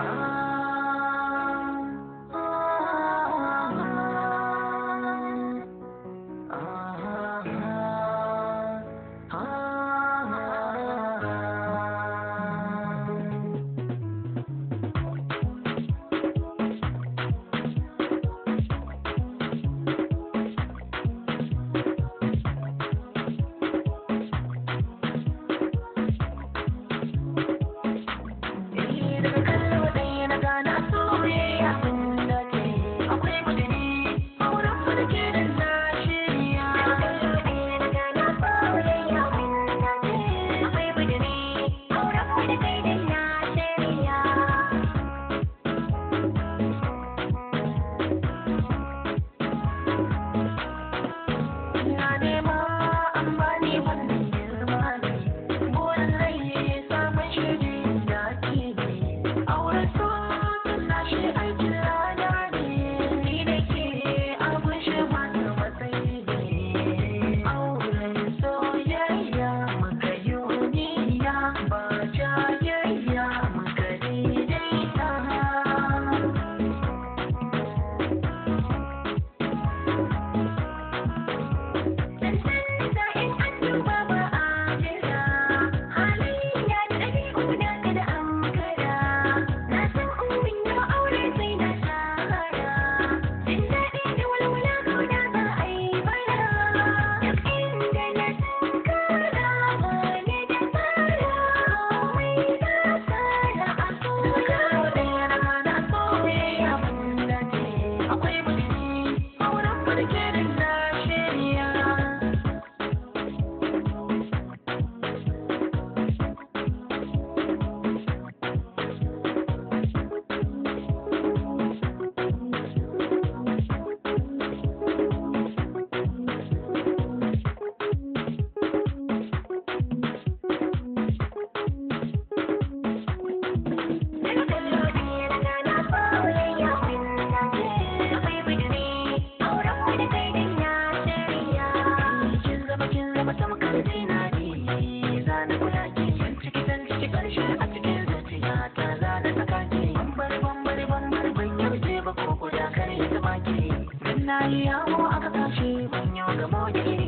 Bye. Ah. yawo aka tashi ban yau gamo